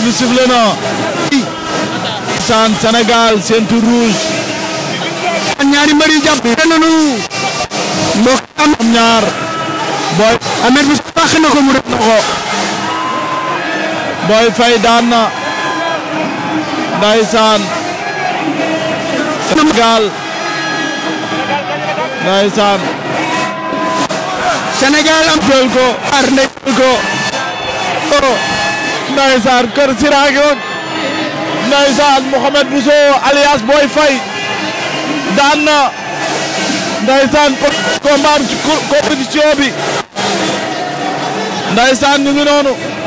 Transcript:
arbitre bi sifflé na saan ñaari mbër yi jàpp nañu mbokk am ñaar booy amet ndeysaan kër Sira ngi woon ndeysaan Mouhamed Bousso alias Boy Faye daan na ndeysaan combat ci compétition bi ndeysaan ñu ngi noonu